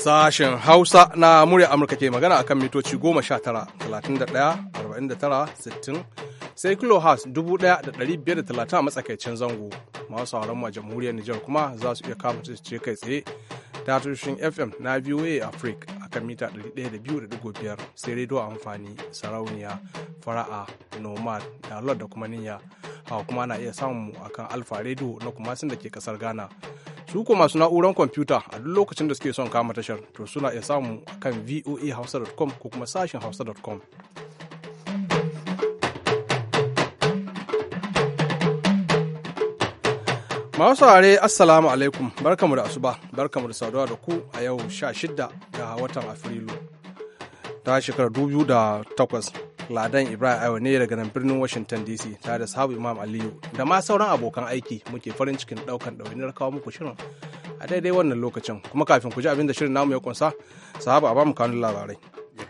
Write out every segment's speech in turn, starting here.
Sashen Hausa na murya Amurka ke magana akan mitoci 19, 31, 49, 60 sai kilohertz 1530 a matsakaicin zango. Masu sauran mu a jamhuriyar Nijar kuma za su iya kama ce kai tsaye ta tushen FM na VOA Africa akan mita 102.5 sai rediyo amfani sarauniya fara'a nomad da lord da kuma niyya hawa kuma na iya samun mu akan alfa rediyo na kuma sun da ke kasar ghana su ko masu na'uran kwamfuta a duk lokacin da suke son kama tashar to suna iya samun samu akan voahausa.com ko kuma sashen hausa.com Masu saurare Assalamu alaikum barkamu da asuba barkamu da saduwa da ku a yau 16 ga watan Afrilu ta shekarar 2008 Ladan Ibrahim Ayo ne daga nan birnin Washington DC tare da sahabu Imam Aliyu da ma sauran abokan aiki muke farin cikin daukan ɗawainiyar kawo muku shirin a daidai wannan lokacin kuma kafin ku ji abin da shirin namu ya kunsa sahabu a bamu kanun labarai.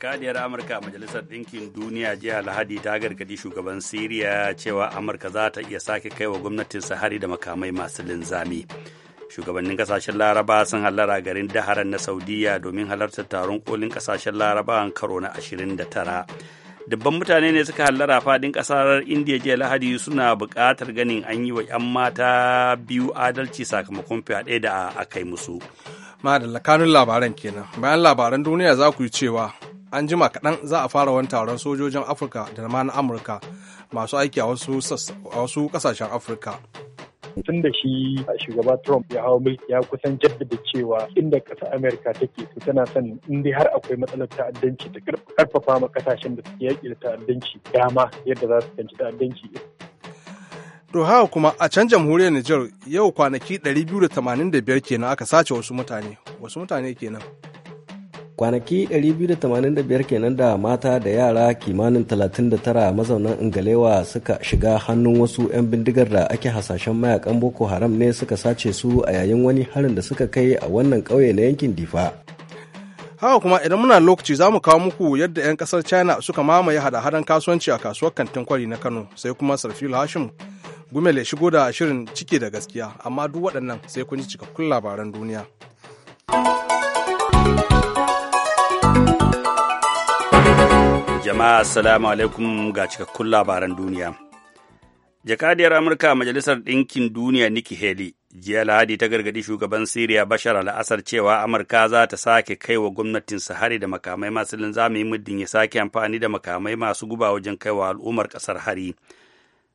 jakadiyar amurka a majalisar ɗinkin duniya jiya lahadi ta gargadi shugaban siriya cewa amurka za ta iya sake kai wa gwamnatin sahari da makamai masu linzami shugabannin kasashen laraba sun hallara garin daharan na saudiya domin halartar taron kolin kasashen laraba karo na 29 dubban mutane ne suka hallara fadin kasar indiya jiya lahadi suna buƙatar ganin an yi wa 'yan mata biyu adalci sakamakon fyaɗe da aka yi musu madalla kanun labaran kenan bayan labaran duniya za ku yi cewa an jima kaɗan za a fara wani taron sojojin afirka da ma na amurka masu aiki a wasu ƙasashen afirka tun da shi shugaba Trump ya hau mulki ya kusan jaddada cewa inda ƙasa Amerika take su tana son in dai har akwai matsalar ta'addanci ta karfafa ma kasashen da suke yaƙi da ta'addanci dama yadda za su kanci ta'addanci. To haka kuma a can jamhuriyar niger yau kwanaki 285 kenan aka sace wasu mutane, wasu mutane kenan. kwanaki 285 kenan da mata da yara kimanin 39 mazaunan ingalewa suka shiga hannun wasu 'yan bindigar da ake hasashen mayakan boko haram ne suka sace su a yayin wani harin da suka kai a wannan kauye na yankin difa haka kuma idan muna lokaci za mu kawo muku yadda 'yan kasar china suka mamaye hada-hadan kasuwanci a kasuwar kantin kwari na kano sai kuma sarfil hashim gumel ya shigo da shirin ciki da gaskiya amma duk waɗannan sai kun ji cikakkun labaran duniya. Jama'a assalamu alaikum ga cikakkun labaran duniya. Jakadiyar Amurka a Majalisar Ɗinkin Duniya Nikki Haley jiya Lahadi ta gargaɗi shugaban Siriya Bashar al cewa Amurka za ta sake kai wa gwamnatinsa hari da makamai masu linzami muddin ya sake amfani da makamai masu guba wajen kai wa al'ummar ƙasar hari.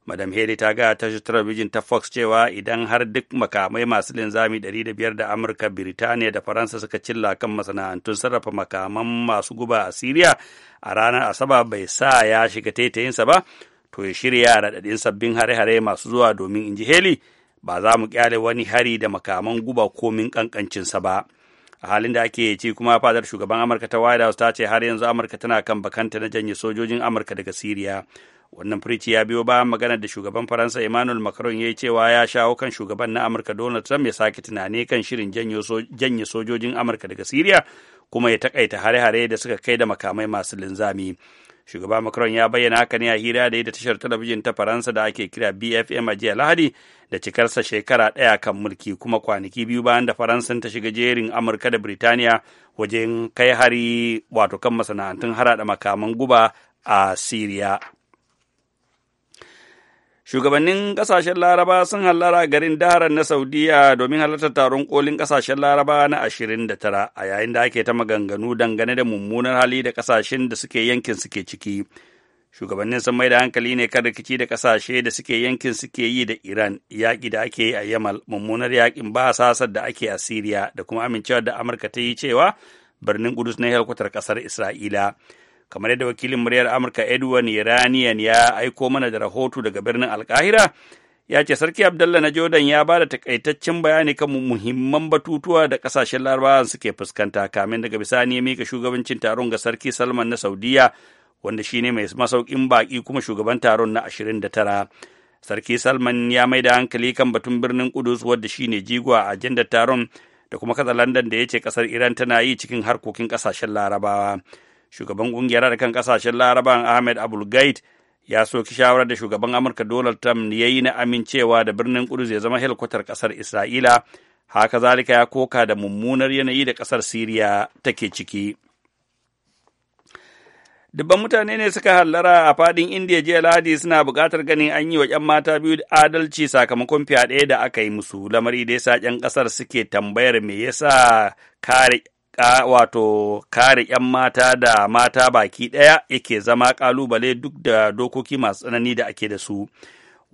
madam haley ta gaya tashar talabijin ta fox cewa idan har duk makamai masu linzami 500 da amurka birtaniya da faransa suka cilla kan masana'antun sarrafa makaman masu guba a syria a ranar asaba bai sa ya shiga taitayinsa ba to ya shirya raɗaɗin sabbin hare-hare masu zuwa domin in ji heli ba za mu kyale wani hari da makaman guba komin kankancinsa ba a halin da ake ci kuma fadar shugaban amurka ta white house ta ce har yanzu amurka tana kan bakanta na janye sojojin amurka daga syria wannan firici ya biyo bayan magana da shugaban faransa emmanuel macron ya yi cewa ya shawo kan shugaban na amurka donald trump ya sake tunani kan shirin janye sojojin amurka daga siriya kuma ya takaita hare-hare da suka kai da makamai masu linzami shugaban macron ya bayyana haka ne a hira da da tashar talabijin ta faransa da ake kira bfm a jiya lahadi da cikarsa shekara ɗaya kan mulki kuma kwanaki biyu bayan da faransan ta shiga jerin amurka da birtaniya wajen kai hari wato kan masana'antun harada makaman guba a siriya shugabannin kasashen laraba sun hallara garin daharar na saudiya domin halartar taron kolin kasashen laraba na ashirin da tara a yayin da ake ta maganganu dangane da mummunar hali da kasashen da suke yankin suke ciki shugabannin sun mai da hankali ne kan rikici da kasashe da suke yankin suke yi da iran yaƙi da ake yi a yamal mummunar yaƙin ba sasar da ake a siriya da kuma amincewar da amurka ta yi cewa birnin kudus na helkwatar ƙasar isra'ila kamar yadda wakilin muryar amurka edward iranian ya aiko mana da rahoto daga birnin alkahira ya ce sarki abdallah na jordan ya ba da takaitaccen bayani kan muhimman batutuwa da kasashen larabawa suke fuskanta kamin daga bisani ya mika shugabancin taron ga sarki salman na saudiya wanda shine mai masaukin baki kuma shugaban taron na 29 sarki salman ya mai da hankali kan batun birnin kudus wadda shine jigo a ajandar taron da kuma katsalandan da ya ce kasar iran tana yi cikin harkokin kasashen larabawa shugaban kungiyar kan ƙasashen laraban ahmed abul abulgait ya soki shawarar da shugaban amurka donald trump ya yi na amincewa da birnin kudus ya zama helikwatar ƙasar isra'ila haka zalika ya koka da mummunar yanayi da kasar siriya take ciki dubban mutane ne suka hallara a fadin indiya jiya ladi suna buƙatar ganin an yi wa 'yan mata biyu adalci sakamakon fyaɗe da aka yi musu lamari da yasa 'yan ƙasar suke tambayar me yasa kare wato kare 'yan mata da mata baki ɗaya yake zama ƙalubale duk da dokoki masu tsanani da ake da su.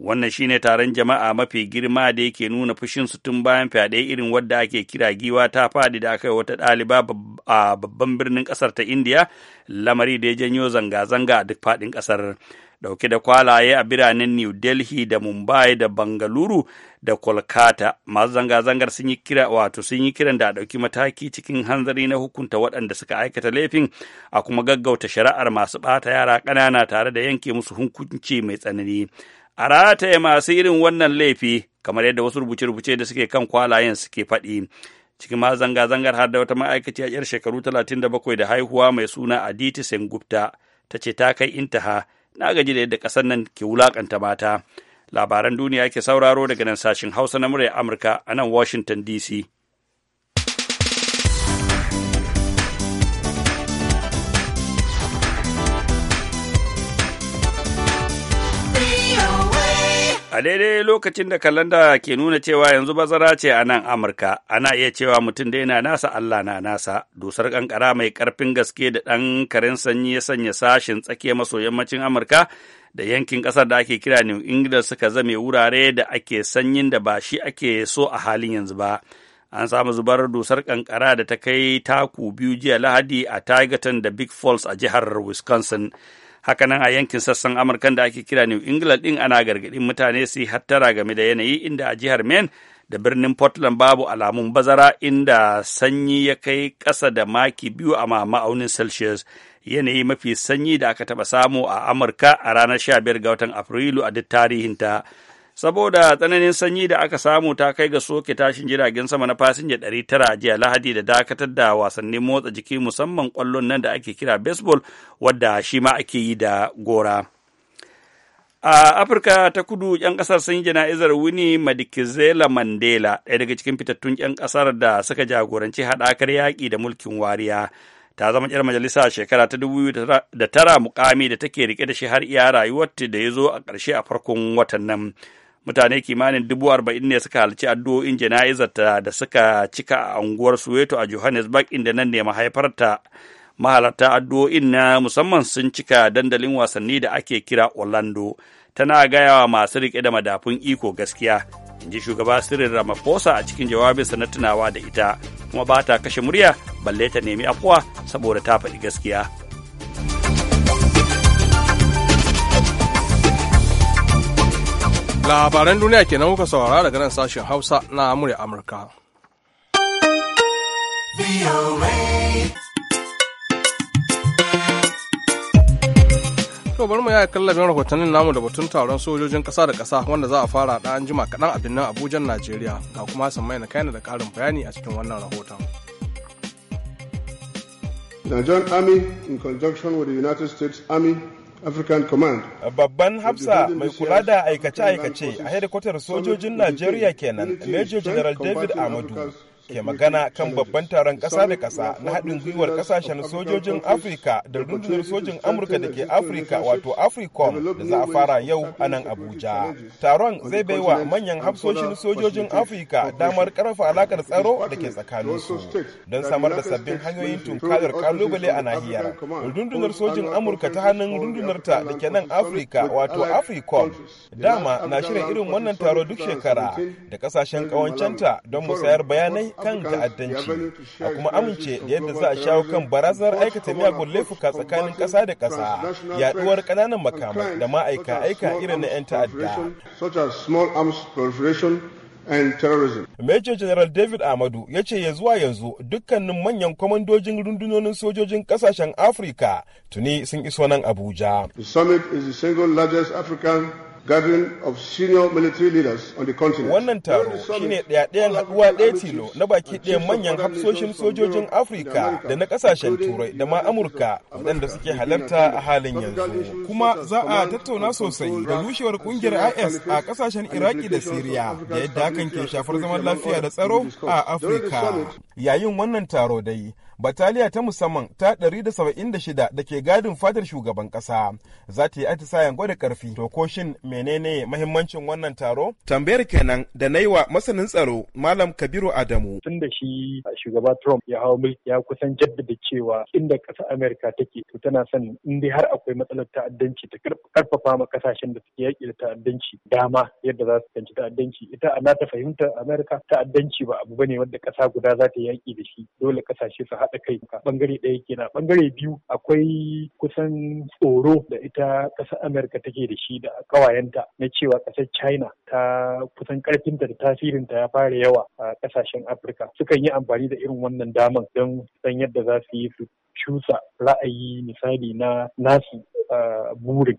wannan shine taron jama'a mafi girma da yake nuna fushin su tun bayan fyaɗe irin wadda ake kira giwa ta fadi da aka yi wata ɗaliba a babban birnin ƙasar ta indiya lamari da ya janyo zanga-zanga a duk faɗin ƙasar ɗauke da kwalaye a biranen new delhi da mumbai da bangaluru da kolkata masu zanga-zangar sun yi kira wato sun yi kiran da a ɗauki mataki cikin hanzari na hukunta waɗanda suka aikata laifin a kuma gaggauta shari'ar masu ɓata yara ƙanana tare da yanke musu hukunci mai tsanani a rataye masu irin wannan laifi kamar yadda wasu rubuce-rubuce da suke kan kwalayen suke faɗi cikin ma zanga-zangar har da wata ma'aikaciya yar shekaru talatin da bakwai da haihuwa mai suna aditi sengupta ta ce ta kai intaha na gaji da yadda ƙasar nan ke wulakanta mata labaran duniya ke sauraro daga nan sashin hausa na murya amurka a nan washington dc A daidai lokacin da kalanda ke nuna cewa yanzu bazara ce a nan Amurka, ana iya cewa mutum da yana nasa Allah na nasa, dusar ƙanƙara mai karfin gaske da ɗan karen sanyi ya sanya sashen tsakiya maso yammacin Amurka da yankin ƙasar da ake kira New England suka zame wurare da ake sanyin da ba shi ake so a halin yanzu ba. An samu zubar dusar kankara da ta kai taku biyu jiya Lahadi a Tigerton da Big Falls a jihar Wisconsin. hakanan a yankin sassan amurkan da ake kira new england din ana gargadin mutane su yi hattara game da yanayi inda a jihar maine da birnin portland babu alamun bazara inda sanyi ya kai ƙasa da maki biyu a ma'aunin celsius yanayi mafi sanyi da aka taɓa samu a amurka a ranar 15 ga watan afrilu a duk tarihinta saboda tsananin sanyi da aka samu ta kai ga soke tashin jiragen sama na fasinja 900 jiya lahadi da dakatar da wasannin motsa jiki musamman kwallon nan da ake kira baseball wadda shi ma ake yi da gora a afirka ta kudu 'yan kasar sun yi jana'izar wini madikizela mandela ɗaya daga cikin fitattun 'yan kasar da suka jagoranci haɗakar yaƙi da mulkin wariya ta zama yar majalisa shekara ta dubu da tara mukami da take rike da shi har iya rayuwarta da ya zo a ƙarshe a farkon watan nan mutane kimanin dubu arba'in ne suka halci addu'o'in ta da suka cika a unguwar Soweto a Johannesburg inda nan ne mahaifarta mahalarta addu'o'in na musamman sun cika dandalin wasanni da ake kira Orlando tana gaya wa masu rike da madafun iko gaskiya in ji shugaba Cyril Ramaphosa a cikin jawabinsa na tunawa da ita kuma ba ta kashe murya balle ta nemi afuwa saboda ta faɗi gaskiya. Labaran duniya kenan kuka saurara daga nan sashen Hausa na Amurya Amurka. To bari mu ya kallabin rahotannin namu da batun taron sojojin ƙasa da ƙasa wanda za a fara da an jima kaɗan a birnin Abuja, Najeriya. Ga kuma Sammai na kaina da ƙarin bayani a cikin wannan rahoton. Nigerian Army, in conjunction with the United States Army, African Command. Babban Hafsa mai kula da aikace-aikace a hedikwatar sojojin Najeriya kenan, Major General David Amadu. ke magana kan babban taron ƙasa da ƙasa na haɗin gwiwar ƙasashen sojojin Afirka da rundunar sojin Amurka da ke Afirka wato Africom da za a fara yau a nan Abuja. Taron zai baiwa manyan hafsoshin sojojin Afirka damar ƙarfa alaƙar tsaro da ke tsakanin su, don samar da sabbin hanyoyin tunkarar kalubale a nahiyar. Rundunar sojin Amurka ta hannun rundunarta da ke nan Afirka wato Africom dama na shirin irin wannan taro duk shekara da ƙasashen ƙawancenta don musayar bayanai kan ta'addanci a kuma amince da yadda za a shawo kan barazanar aikata miyagun laifuka tsakanin ƙasa da ƙasa yaɗuwar ƙananan makamai da ma'aika aika irin na 'yan ta'adda. and Major General David Ahmadu ya ce ya zuwa yanzu dukkanin manyan kwamandojin rundunonin sojojin kasashen Afirka tuni sun iso nan Abuja. The summit is the single largest African Wannan taro shine ɗaya-ɗayan haɗuwa ɗaya tilo na baki ɗaya manyan hafsoshin sojojin Afirka da na ƙasashen Turai da ma Amurka waɗanda suke halarta a halin yanzu. Kuma za a tattauna sosai da rushewar ƙungiyar IS a ƙasashen Iraki da Siriya da yadda hakan ke shafar zaman lafiya da tsaro a Afirka. Yayin wannan taro dai, bataliya ta musamman ta 176 da ke gadin fadar shugaban kasa za ta yi atisayen gwada karfi tokoshin menene mahimmancin wannan taro tambayar kenan da na yi wa masanin tsaro malam kabiru adamu tun da shi shugaba trump ya hau mulki ya kusan jaddada cewa inda ƙasar amerika take to tana son in dai har akwai matsalar ta'addanci ta karfafa ma kasashen da suke yaƙi da ta'addanci dama yadda za su kanci ta'addanci ita a nata fahimtar amerika ta'addanci ba abu bane wanda ƙasa guda za ta yaƙi da shi dole ƙasashe su haɗa haɗa kai bangare ɗaya kenan bangare biyu akwai kusan tsoro da ita ƙasar Amurka take da shi da ƙawayenta na cewa ƙasar China ta kusan ƙarfinta da tasirinta ya fara yawa a ƙasashen Afirka sukan yi amfani da irin wannan daman don san yadda za su yi su cusa ra'ayi misali na nasu burin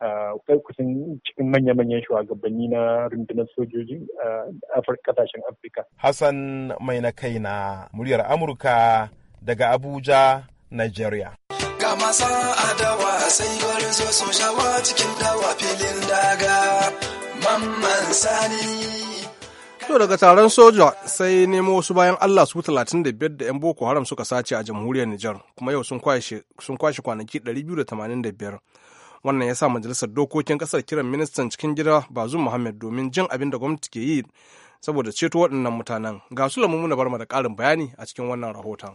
kusan cikin manya-manyan shugabanni na rundunar sojoji a kasashen afirka hassan mai na kai na muryar amurka daga Abuja, Nigeria. daga To daga taron soja sai nemo wasu bayan Allah su 35 da 'yan Boko Haram suka sace a jamhuriyar Nijar kuma yau sun kwashe kwanaki 285. Wannan ya sa majalisar dokokin kasar kiran ministan cikin gida Bazum Muhammad domin jin abin da gwamnati ke yi saboda ceto waɗannan mutanen. Ga su lamu na bar da ƙarin bayani a cikin wannan rahoton.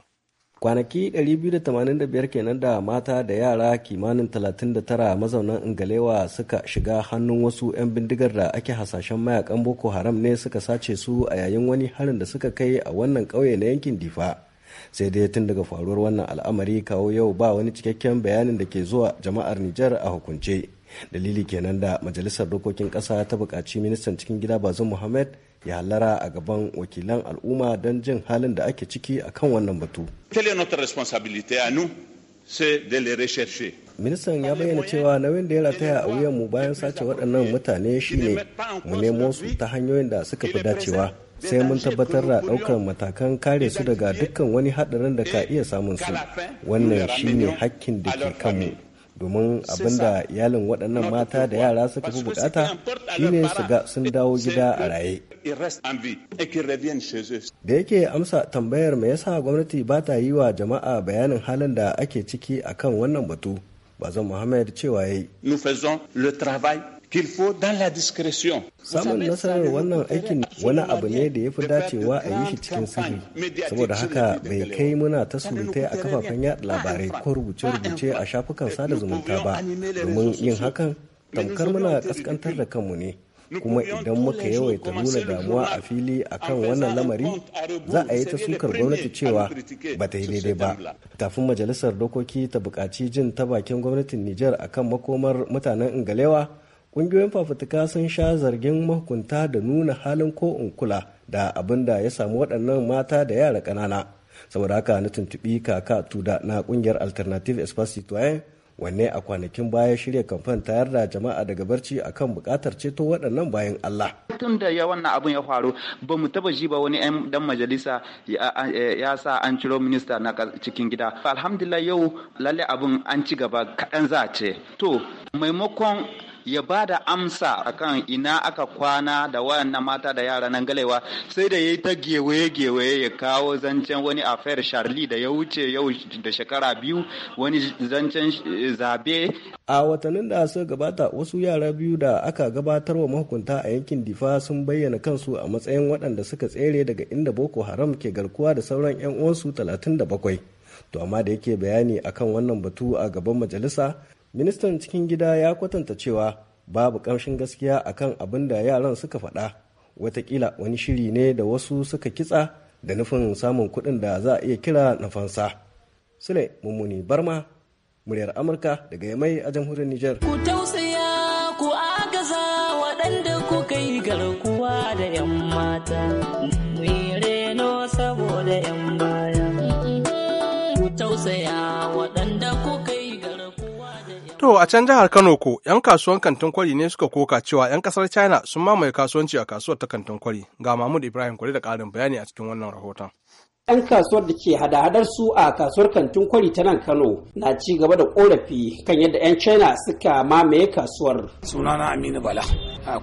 kwanaki 285 kenan da mata da yara kimanin 39 mazaunan ingalewa suka shiga hannun wasu 'yan bindigar da ake hasashen mayakan boko haram ne suka sace su a yayin wani harin da suka kai a wannan ƙauye na yankin difa sai dai tun daga faruwar wannan al'amari kawo yau ba wani cikakken bayanin da ke zuwa jama'ar nijar a hukunce dalili kenan da majalisar dokokin ƙasa ta bukaci ministan cikin gida bazin muhammad ya halara a gaban wakilan al'umma don jin halin da ake ciki a kan wannan batu ministan ya bayyana cewa nauyin da ya rataya a wuyan mu bayan sace waɗannan mutane shine mu nemo su ta hanyoyin da suka fi dacewa sai mun tabbatar da ɗaukar matakan kare su daga dukkan wani haɗarin da ka iya samun su wannan shine hakkin da ke kanmu domin abinda iyalin waɗannan mata da yara suka fi bukata shine su ga sun dawo gida a raye. Da yake amsa tambayar me yasa gwamnati ba ta yi wa jama'a bayanin halin da ake ciki akan wannan batu, Bazan Muhammad cewa ya yi. Samun nasarar wannan aikin wani abu ne da ya fi dacewa a yi shi cikin sirri. Saboda haka bai kai muna ta surutai a kafafen yada labarai ko rubuce-rubuce a shafukan sada zumunta ba domin yin hakan tamkar muna kaskantar da kanmu ne. kuma idan muka yawaita nuna damuwa a fili akan wannan lamari za a yi ta sukar gwamnati cewa ba ta yi daidai ba tafin majalisar dokoki ta buƙaci jin ta bakin gwamnatin nijar akan makomar mutanen ingalewa ƙungiyoyin fafutuka sun sha zargin mahukunta da nuna halin ko in kula da abin da ya samu waɗannan mata da yara ƙanana saboda haka na tuntuɓi kaka tuda na ƙungiyar alternative espace citoyen wanne a kwanakin baya shirya kamfan tayar da jama'a daga barci akan buƙatar ceto waɗannan bayan Allah. Tun da ya wannan abin ya faru ba mu taba ji ba wani dan majalisa ya sa an ciro minista na cikin gida. Alhamdulillah yau lalle abin an ci gaba kaɗan za a ce. To maimakon ya ba da amsa kan ina aka kwana da wayannan mata da yara nan galewa sai da ya yi ta gewaye-gewaye ya kawo zancen wani affair Charlie da ya wuce yau da shekara biyu wani zancen eh, zabe a watannin da suka gabata wasu yara biyu da aka gabatar wa mahukunta a yankin Difa sun bayyana kansu a matsayin waɗanda suka tsere daga inda Boko Haram ke garkuwa da sauran 'yan uwansu 37 to amma da yake bayani akan wannan batu a gaban majalisa ministan cikin gida ya kwatanta cewa babu ƙamshin gaskiya a kan abin da yaran suka faɗa watakila wani shiri ne da wasu suka kitsa da nufin samun kuɗin da za a iya kira na fansa sule mummuni barma muryar amurka daga yamai a jamhuriyar niger ku tausaya ku agaza waɗanda ku kai garkuwa da 'yan mata To a can jihar Kano ko 'yan kasuwan kantin kwari ne suka koka cewa 'yan kasar China sun mamaye kasuwanci a kasuwar ta kantin kwari ga Mahmud Ibrahim kwari da ƙarin bayani a cikin wannan rahoton. 'yan kasuwar da ke hada-hadar su a kasuwar kantin kwari ta nan kano na ci gaba da korafi kan yadda 'yan china suka mamaye kasuwar sunana aminu bala a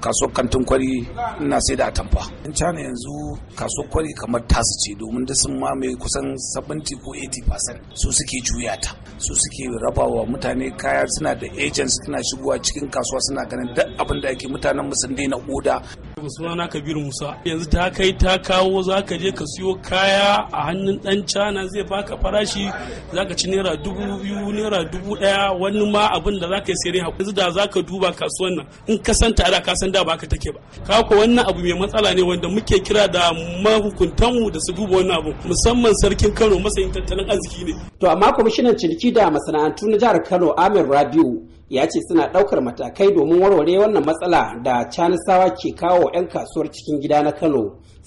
kasuwar kantin kwari ina sai da atamfa yan china yanzu kasuwar kwari kamar tasu ce domin da sun mamaye kusan 70 ko 80% su suke juya ta su suke raba wa mutane kaya suna da agents suna shigowa cikin kasuwa suna ganin duk abin da ake mutanen mu sun daina oda alaikum sunana kabiru musa yanzu ta kai ta kawo za ka je ka siyo kaya a hannun dan cana zai baka farashi za ka ci naira dubu biyu naira dubu daya wani ma abin da za ka yi sai rai yanzu da za ka duba kasuwan nan in ka san tare ka san da baka take ba ka ko wannan abu mai matsala ne wanda muke kira da mahukuntanmu da su duba wannan abu musamman sarkin kano masayin tattalin arziki ne to amma kwamishinan ciniki da masana'antu na jihar kano amir rabiu ya ce suna ɗaukar matakai domin warware wannan matsala da canisawa ke kawo 'yan kasuwar cikin gida na kano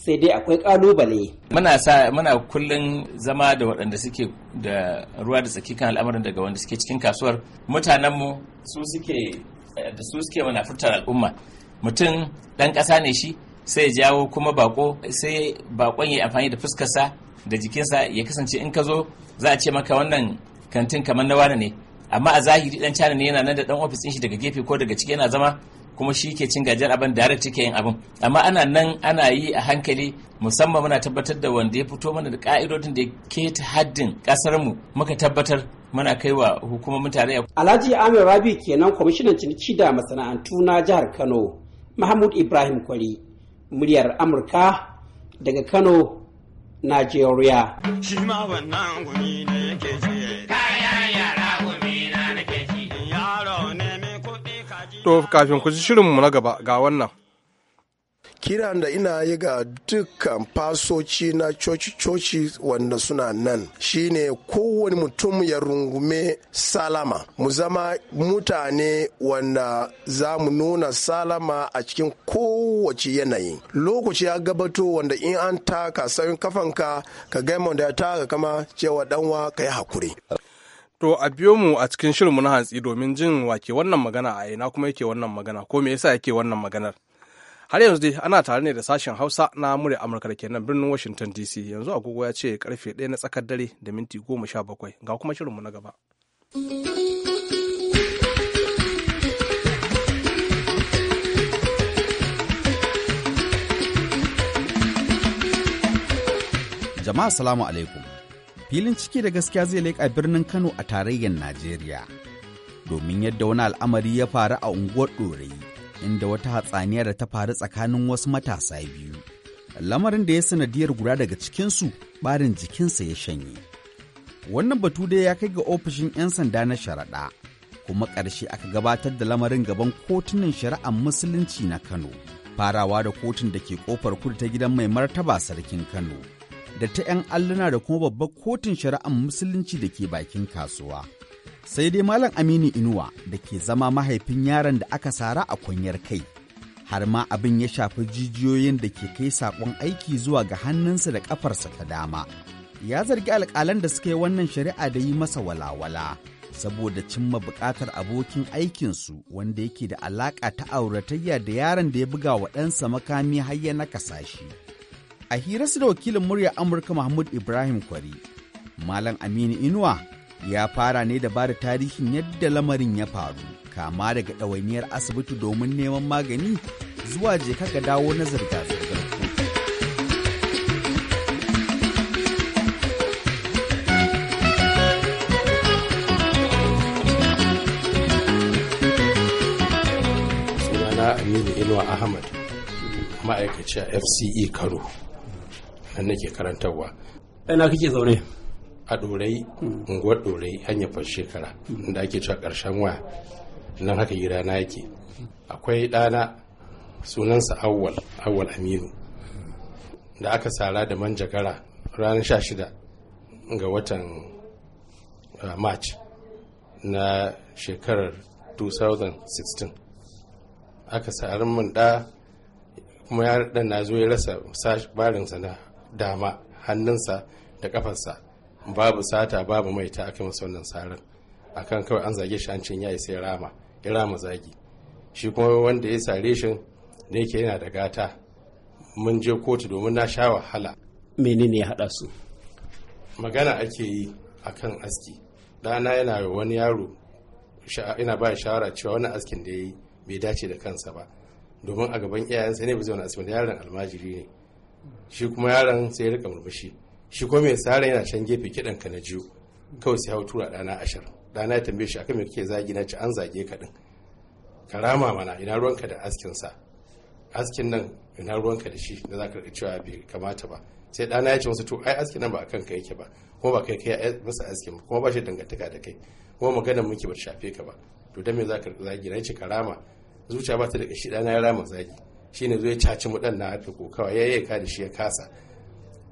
sai dai akwai ƙalubale muna sa muna kullum zama da waɗanda suke da ruwa da tsaki kan al'amarin daga wanda suke cikin kasuwar mutanenmu su suke da su suke mana furtar al'umma mutum ɗan ƙasa ne shi sai jawo kuma bako sai bakon ya amfani da fuskarsa da jikinsa ya kasance in ka zo za a ce maka wannan kantin kamar na wane ne amma a zahiri dan China ne yana nan da dan ofis din shi daga gefe ko daga ciki yana zama kuma shi ke cin gajiyar abin direct take yin abin amma ana nan ana yi a hankali musamman muna tabbatar da wanda ya fito mana da ka'idodin da ya ta haddin kasar mu muka tabbatar muna kai wa hukumomin tarayya. Alhaji Amir Rabi kenan kwamishinan ciniki da masana'antu na jihar Kano Mahmud Ibrahim Kwari muryar Amurka daga Kano Najeriya. Shi ma wannan gumi ne yake To kafin ku ji shirinmu na gaba ga wannan. kiran da ina yi ga dukkan fasoci na coci-coci wanda suna nan shine kowane mutum ya rungume salama mu zama mutane wanda za mu nuna salama a cikin kowace yanayi lokaci ya gabato wanda in an taka sauyin kafanka ka gaima da ya taka kama cewa danwa ka yi hakuri To a biyo mu a cikin shirinmu na hantsi domin jin wake wannan magana a ina kuma yake wannan magana ko me yasa yake wannan maganar. Har yanzu dai ana tare ne da sashen Hausa na murya Amurka da ke nan birnin Washington DC yanzu agogo ya ce karfe ɗaya na tsakar dare da minti goma sha bakwai ga kuma shirin mu na gaba. Jama'a salamu alaikum. filin ciki da gaskiya zai leƙa birnin Kano a tarayyar Najeriya. Domin yadda wani al'amari ya faru a unguwar Ɗorayi, inda wata hatsaniya da ta faru tsakanin wasu matasa biyu. Lamarin da ya sanadiyar guda daga cikinsu barin jikinsa ya shanye. Wannan batu dai ya kai ga ofishin 'yan sanda na sharaɗa, kuma ƙarshe aka gabatar da lamarin gaban kotunan shari'ar musulunci na Kano. farawa da kotun da ke kofar kudu ta gidan mai martaba sarkin Kano. da ta 'yan alluna da kuma babbar kotun shari'ar musulunci da ke bakin kasuwa. Sai dai Malam Aminu Inuwa da ke zama mahaifin yaron da aka sara a kunyar kai. Har ma abin ya shafi jijiyoyin da ke kai saƙon aiki zuwa ga hannunsa da ƙafarsa ta dama. Ya zargi alƙalan da suka yi wannan shari'a da yi masa walawala. saboda cimma buƙatar abokin aikinsu wanda yake da alaƙa ta auratayya da yaron da ya buga wa ɗansa makami har ya nakasa shi. a hira su da wakilin murya amurka mahmud ibrahim kwari malam aminu inuwa ya fara ne da bada tarihin yadda lamarin ya faru kama daga ɗawainiyar asibiti domin neman magani zuwa je ka dawo na zirga-zirgar aminu inuwa ahmad ma'aikaci a fce karo nan nake karantarwa ina kake zaune a ɗorai, unguwar ɗorai hanyar fashe shekara da ake cewa ƙarshen waya nan haka gida na yake akwai ɗana sunansa awwal awwal aminu da aka sara da manjagara ranar sha shida. ga watan ah, march na shekarar 2016 aka sari mun da kuma ya na zo ya rasa barinsa na dama hannunsa da kafarsa babu sata babu mai ta aka masa wannan sarin akan kawai an zage shi an cin yayi sai rama ya rama zagi shi kuma wanda ya sare shi da yake yana da gata mun je kotu domin na sha wahala menene ya hada su magana ake yi akan aski ɗana yana wani yaro ina ba shawara cewa wani askin da ya yi bai dace da kansa ba domin a gaban iyayensa ne bai zauna asibiti yaron almajiri ne shi kuma yaron sai ya rika murmushi shi kuma mai tsarin yana can gefe kiɗan ka na jiyo kawai sai hau tura ɗana ashar ɗana ya tambaye shi akan me kake zagi na ci an zage ka din rama mana ina ruwanka da askin sa askin nan ina ruwanka da shi da ka rika cewa bai kamata ba sai ɗana ya ce masa to ai askin nan ba akan ka yake ba kuma ba kai kai masa askin kuma ba shi dangantaka da kai kuma magana muke ba shafe ka ba to dan me za rika zagi na ci rama zuciya ba ta da shi ɗana ya rama zagi shine zo ya caci mu dan na hafi ko kawai yayi ka da shi ya kasa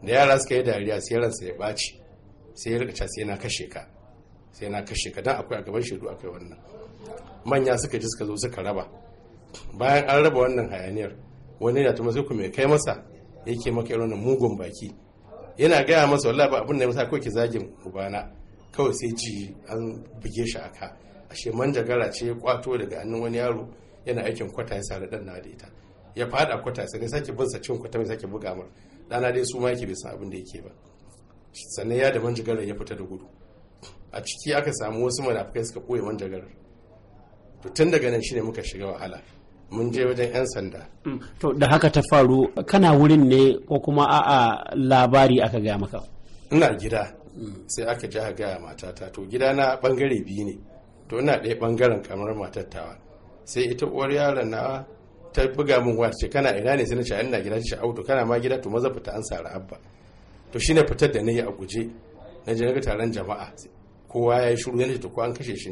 da yara suka yi dariya sai ransa ya baci sai ya rika sai na kashe ka sai na kashe ka dan akwai a gaban shaidu akai wannan manya suka ji suka zo suka raba bayan an raba wannan hayaniyar wani ya tuma sai ku mai kai masa yake maka irin mugun baki yana gaya masa wallahi ba abin da ya masa ko ki zagin ubana kawai sai ji an buge shi aka ashe manjagara ce ya kwato daga hannun wani yaro yana aikin kwata ya sare dan na da ita ya fada kwata sai sake bin sa cin kwata mai sake buga mar dana dai su ma yake bai san abin da yake ba sannan ya da manjagarar ya fita da gudu a ciki aka samu wasu munafukai suka koya manjagarar to tun daga nan shine muka shiga wahala mun je wajen 'yan sanda. Mm, to da haka ta faru kana wurin ne ko kuma a'a labari aka gaya maka? Ina gida sai aka ji ga gaya matata to gida na bangare biyu ne to ina ɗaya bangaren kamar matattawa sai ita uwar yaron na ta buga min waya ce kana ina ne sai na gida ce auto kana ma gida to maza fita an sara abba to shine fitar da nayi a guje na je na ga taron jama'a kowa ya yi shiru yana to ko an kashe shi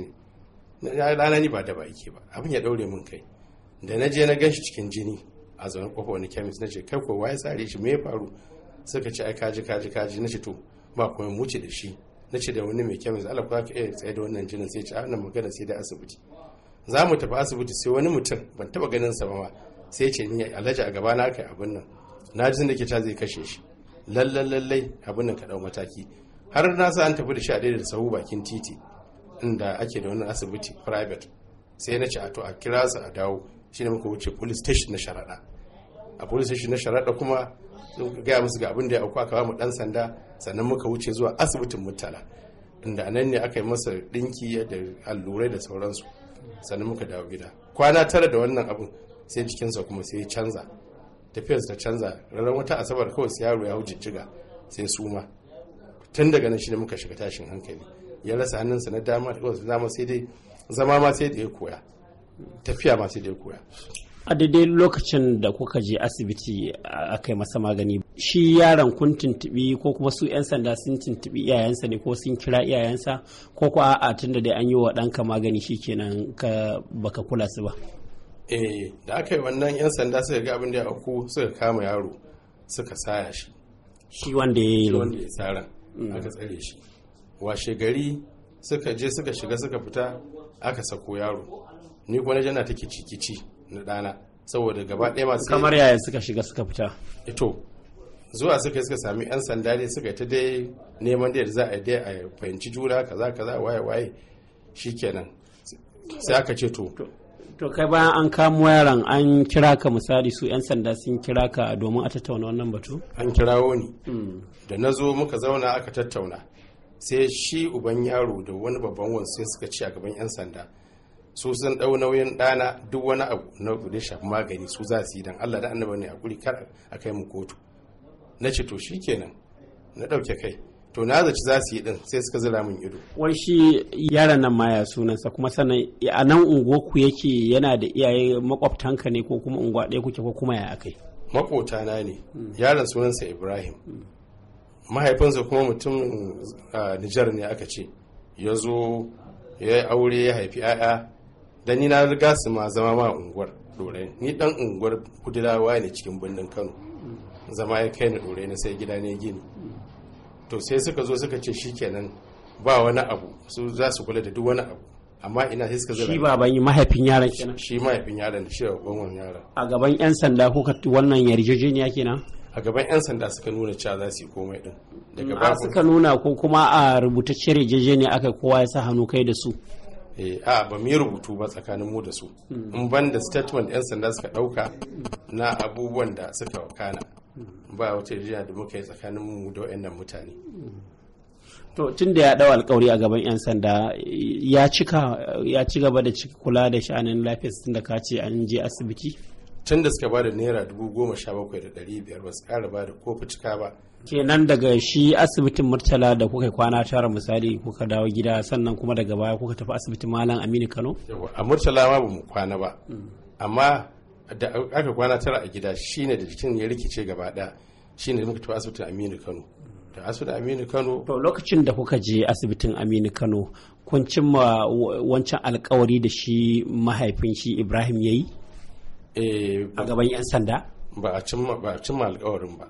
ne rana ni ba da ba yake ba abin ya daure min kai da na je na gan shi cikin jini a zaune kofa wani kemis na ce kai ko waye tsare shi me ya faru suka ce ai kaji kaji kaji na ce to ba kuma mu ce da shi na ce da wani mai kemis Allah ko ka iya tsaye da wannan jinin sai ce a wannan magana sai da asibiti za mu tafi asibiti sai wani mutum ban taba ganin sa ba sai ce ni alhaji a gaba na kai abin nan na ji da ke ta zai kashe shi lallan lallai abin nan ka dau mataki har na sa an tafi da shi a daidai da sahu bakin titi inda ake da wani asibiti private sai na ce a to a kira su a dawo shine muka wuce police station na sharaɗa a police station na sharaɗa kuma sun gaya musu ga abin da ya auku aka ba mu dan sanda sannan muka wuce zuwa asibitin mutala inda nan ne aka yi masa ɗinki da allurai da sauransu sannan muka dawo gida kwana tara da wannan abun sai jikinsa kuma sai ya canza tafiyarsa ta canza ranar wata asabar kawai sai yaro ya hau jijjiga sai suma tun daga nan shi ne muka shiga tashin hankali ya rasa hannunsa na dama dama sai dai zama ma sai da ya koya tafiya ma sai da ya koya a daidai lokacin da kuka je asibiti a kai masa magani shi yaron kun tuntubi ko kuma su 'yan sanda sun tuntubi iyayensa ne ko sun kira iyayensa ko ko a'a tunda dai an yi wa ɗanka magani shi kenan ka baka kula su ba eh da aka yi wannan 'yan sanda suka ga abin da ya auku suka kama yaro suka saya shi shi wanda ya yi wanda ya tsara mm. aka tsare shi washe gari suka je suka shiga suka fita aka sako yaro ni kuma na jana take cikici na ɗana saboda gaba ɗaya masu kamar yaya suka shiga suka fita ito eh zuwa suka suka sami yan sanda ne suka ta dai neman da za a dai a fahimci juna kaza kaza waye waye shikenan sai aka ce to to kai bayan an kamo yaran an kira ka misali su 'yan sanda sun kira ka domin a tattauna wannan batu an kirawo ni hmm. da na zo muka zauna aka tattauna sai shi uban yaro da wani babban wansu suka ci a gaban 'yan sanda su sun dau nauyin dana duk wani abu na da shafi magani su za su yi dan Allah da annabi ne a ƙuri kar a kai mu kotu na ce to shikenan na dauke kai to na zaci za su yi din sai suka zira min ido wai shi yaran nan ma ya sunansa kuma sannan a nan unguwarku yake yana da iyaye makwabtanka ne ko kuma unguwa ɗaya kuke ko kuma ya akai makota na ne yaron sunansa Ibrahim mahaifinsa kuma mutum ah, Nijar ne aka ce ya zo ya yi aure ya haifi 'ya'ya da ni na riga su ma zama ma unguwar dore ni dan unguwar kudilawa ne cikin birnin kano zama ya kai ni dore na sai gida ne gini to sai suka zo suka ce shikenan ba wani abu su za su kula da duk wani abu amma ina sai suka zo shi baban mahaifin yaron kenan shi mahaifin yaron shi babban wannan yaron a gaban yan sanda kuka wannan yarjejeniya kenan a gaban yan sanda suka nuna cewa za su yi komai din daga ba suka nuna ko kuma a rubutacce yarjejeniya aka kowa ya sa hannu kai da su Eh, a ba mu yi rubutu ba tsakanin mu da su hmm. in ban da statement 'yan sanda suka ɗauka na abubuwan da suka wakana hmm. ba wata yarjejeniya da muka yi tsakanin mu da wayannan mutane hmm. to tun da ya dawo alkawari a gaban 'yan sanda ya cika ya ci gaba da kula da sha'anin lafiyar tun da ka ce an je asibiti tun da suka ba da naira dubu goma sha bakwai da ɗari biyar ba su ƙara ba da kofi cika ba kenan daga shi asibitin murtala da kuka kwana tara misali kuka dawo gida sannan kuma daga baya kuka tafi asibitin malam aminu kano a murtala ma bamu kwana ba mm. amma da aka kwana tara a gida shine da jikin ya rikice gaba ɗaya shine muka tafi asibitin aminu kano da asibitin aminu kano to lokacin da kuka je asibitin aminu kano kun cimma wancan alkawari da shi mahaifin shi ibrahim ya yi eh, a gaban 'yan sanda ba a cimma ba a cimma alƙawarin ba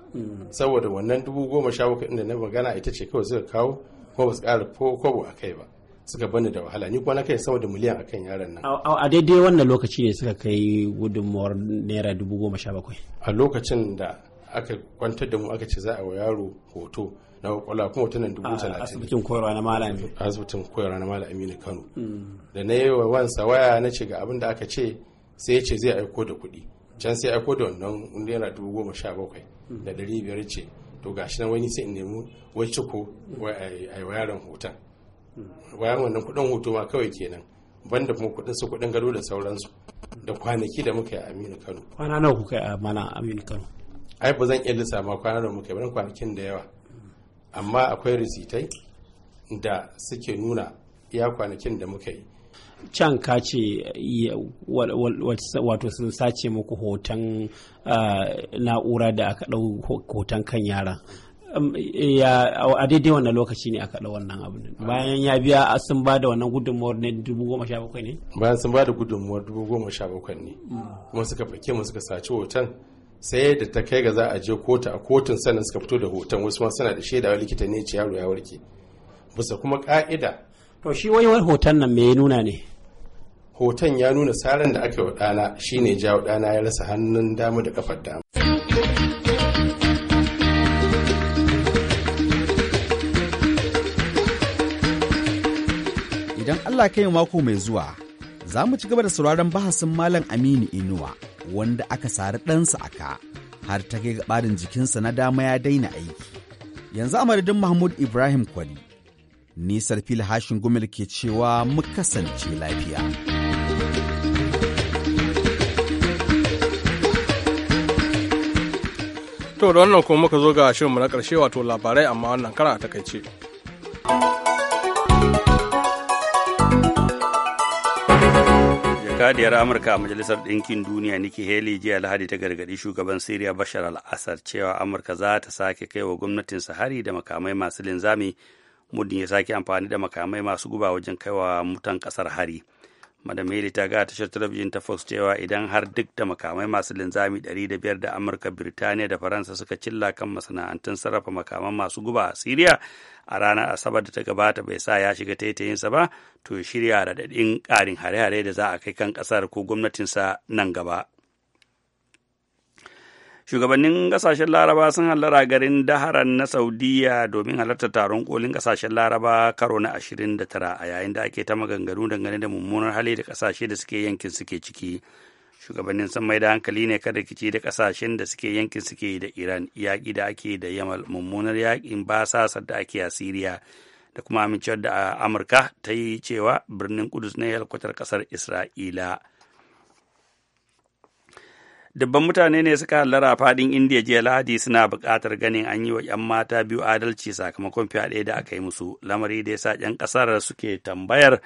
saboda wannan dubu goma sha bakwai inda na magana ita ce kawai suka kawo kuma ba su ƙara ko kobo a kai ba suka bani da wahala ni kuma na kai sama da miliyan akan yaran nan a daidai wannan lokaci ne suka kai gudunmuwar naira dubu goma sha bakwai a lokacin da aka kwantar da mu aka ce za a wa yaro hoto na kwakwala kuma nan dubu talatin asibitin koyarwa na malam asibitin koyarwa na malam aminu kano mm. da na yi wa wansa waya na ce ga abin da aka ce sai ya ce zai aiko da kuɗi can sai aiko da wannan naira dubu goma sha bakwai da ɗari biyar ce to ga shi na wani sai in nemi wai ciko a yi yaron hoton wayan wannan kuɗin hoto ma kawai kenan banda kuma kudin su kuɗin gado da sauransu da kwanaki da muka yi a aminu kano kwana nawa kuka yi a mana aminu kano ai ba zan iya lissa ma kwana nawa muka yi ban kwanakin da yawa amma akwai risitai da suke nuna iya kwanakin da muka yi can ka ce wato sun sace muku hoton na'ura da aka ɗau hoton kan yara um, a daidai wannan lokaci ne aka ɗau wannan abu bayan ya biya sun ba da wannan gudunmuwar ne dubu goma sha bakwai ne bayan sun ba da gudunmuwar dubu goma sha bakwai ne kuma suka fake mu suka saci hoton sai da ta kai ga za a je kotu a kotun sannan suka fito da hoton wasu ma suna da shaidawa likita ne ce yaro ya warke bisa kuma ka'ida to shi wai wani hoton nan me ya nuna ne hoton ya nuna tsarin da aka yi wa ɗana shine jawo ɗana ya rasa hannun dama da kafar dama idan Allah kai mako mai zuwa za mu ci gaba da sauraron bahasin Malam Aminu Inuwa wanda aka sari ɗansa a ka har ta kai gabarin jikinsa na dama ya daina aiki. Yanzu a madadin Mahmud Ibrahim Kwali Nisar fili hashin gumil ke cewa mu kasance lafiya. To da wannan kuma muka zo ga shirinmu na ƙarshe wato labarai amma wannan kara a ce. jakadiyar amurka a majalisar ɗinkin duniya nikki haley jiya lahadi ta gargaɗi shugaban siriya bashar al-assad cewa amurka za ta sake kai wa gwamnatin hari da makamai masu linzami muddin ya sake amfani da makamai masu guba wajen kaiwa mutan kasar hari madam haley ta ga tashar talabijin ta fox cewa idan har duk da makamai masu linzami 500 da amurka birtaniya da faransa suka cilla kan masana'antun sarrafa makaman masu guba a siriya a ranar asabar da ta gabata bai sa ya shiga taitayinsa ba to shirya raɗaɗin ƙarin hare-hare da za a kai kan ƙasar ko gwamnatinsa nan gaba shugabannin kasashen laraba sun hallara garin daharan na saudiya domin halartar taron kolin kasashen laraba karo na 29 a yayin da ake ta maganganu dangane da mummunar hali da kasashe da suke yankin suke ciki shugabannin sun maida hankali ne kada rikici da kasashen da suke yankin suke da iran yaƙi da ake da yamal mummunar yaƙin basasar da ake a siriya da kuma amincewar da amurka ta yi cewa birnin kudus na yalkwatar ƙasar isra'ila dubban mutane ne suka hallara a fadin indiya jiya lahadi suna buƙatar ganin an yi wa 'yan mata biyu adalci sakamakon fyaɗe da aka yi musu lamari da yasa 'yan ƙasar suke tambayar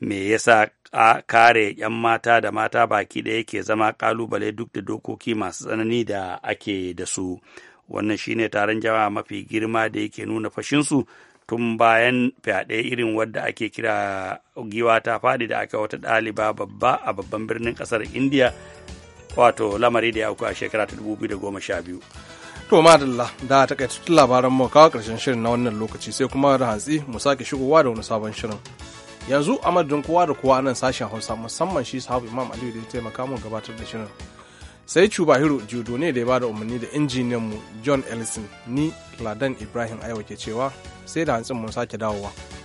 me yasa a kare 'yan mata da mata baki ɗaya ke zama ƙalubale duk da dokoki masu tsanani da ake da su wannan shine taron jama'a mafi girma da yake nuna fashinsu tun bayan fyaɗe irin wadda ake kira giwa ta faɗi da aka wata ɗaliba babba a babban birnin ƙasar indiya wato lamari da ya auku a shekara ta dubu da biyu. to madalla da ta kai labaran mu kawo karshen shirin na wannan lokaci sai kuma da hantsi mu sake shigowa da wani sabon shirin yanzu a madadin kowa da kowa nan sashen hausa musamman shi sahabu imam aliyu da ya taimaka mu gabatar da shirin sai Hiro judo ne da ya bada umarni da injiniyan mu john ellison ni ladan ibrahim aiwa ke cewa sai da hantsin mun sake dawowa